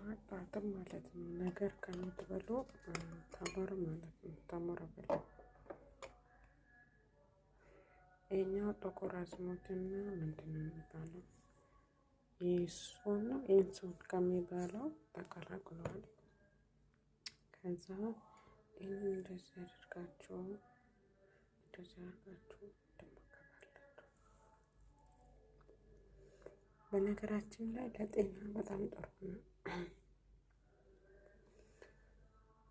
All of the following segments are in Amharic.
ጧጧትም ማለት ነው። ነገር ከምትበሉ ተምር ማለት ነው። ተምር ብሉ። ይህኛው ጥቁር አዝሙድና ምንድን ነው የሚባለው? የሱን ኢንሱን ከሚባለው ተቀላቅሏል። ከዛ ይህን እንደዚህ አድርጋችሁ እንደዚህ አድርጋችሁ በነገራችን ላይ ለጤና በጣም ጥሩ ነው።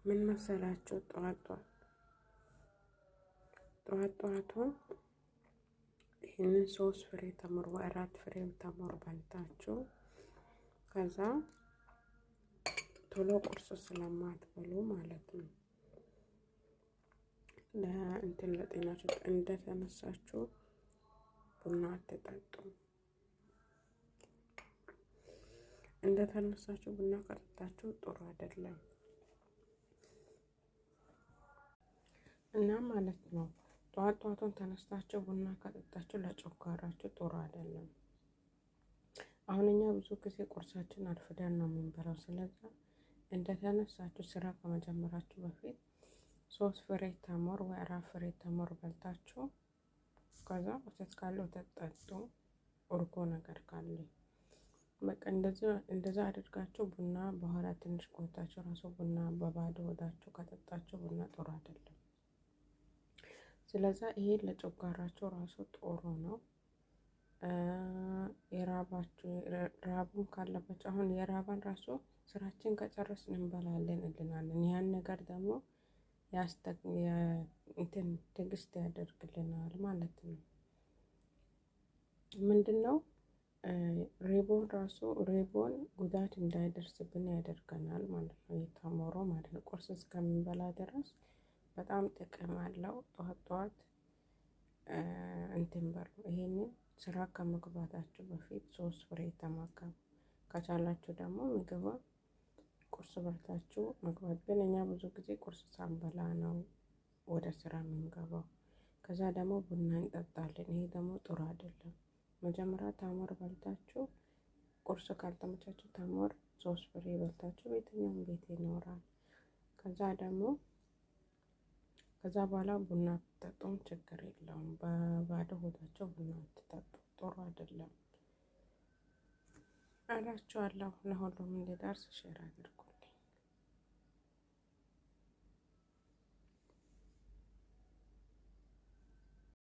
ምን መሰላችሁ? ጠዋት ጠዋት ይህንን ሶስት ፍሬ ተምር አራት ፍሬ ተምር በልታችሁ ከዛ ቶሎ ቁርስ ስለማትበሉ ማለት ነው ለእንትን ለጤናችሁ እንደተነሳችሁ ቡና አትጠጡ። እንደተነሳችሁ ቡና ከጠጣችሁ ጥሩ አይደለም እና ማለት ነው። ጠዋት ጠዋቱን ተነስታችሁ ቡና ከጠጣችሁ ለጨጓራችሁ ጥሩ አይደለም። አሁን እኛ ብዙ ጊዜ ቁርሳችን አርፍደን ነው የምንበላው። ስለዛ እንደተነሳችሁ ስራ ከመጀመራችሁ በፊት ሶስት ፍሬ ተሞር ወይ አራት ፍሬ ተሞር በልታችሁ ከዛ ወተት ካለ ወተት ጠጡ፣ እርጎ ነገር ካለ በቃ እንደዛ አድርጋቸው ቡና በኋላ ትንሽ ቆይታቸው ራሱ ቡና በባዶ ወዳቸው ከጠጣቸው ቡና ጥሩ አይደለም። ስለዛ ይሄ ለጨጓራቸው ራሱ ጥሩ ነው። የራባቸው ራቡን ካለባቸው አሁን የራባን ራሱ ስራችን ከጨረስን እንበላለን እንልናለን። ያን ነገር ደግሞ እንትን ትዕግስት ያደርግልናል ማለት ነው ምንድን ነው ሪቦን ራሱ ሪቦን ጉዳት እንዳይደርስብን ያደርገናል ማለት ነው። የተሞሮ ማለት ነው። ቁርስ እስከምንበላ ድረስ በጣም ጥቅም አለው። ጠዋት ጠዋት እንትን በሉ። ይሄንን ስራ ከመግባታችሁ በፊት ሶስት ፍሬ ተመገቡ። ከቻላችሁ ደግሞ ምግብ ቁርስ በልታችሁ መግባት። ግን እኛ ብዙ ጊዜ ቁርስ ሳንበላ ነው ወደ ስራ የምንገባው። ከዛ ደግሞ ቡና እንጠጣለን። ይሄ ደግሞ ጥሩ አይደለም። መጀመሪያ ታሞር በልታችሁ ቁርስ ካልተመቻችሁ ታሞር ሶስት ፍሬ በልታችሁ በየትኛውም ቤት ይኖራል። ከዛ ደግሞ ከዛ በኋላ ቡና ብትጠጡም ችግር የለውም። በባዶ ሆዳቸው ቡና ብትጠጡ ጥሩ አይደለም እላችኋለሁ። ለሁሉም እንዲደርስ ሼር አድርጉ።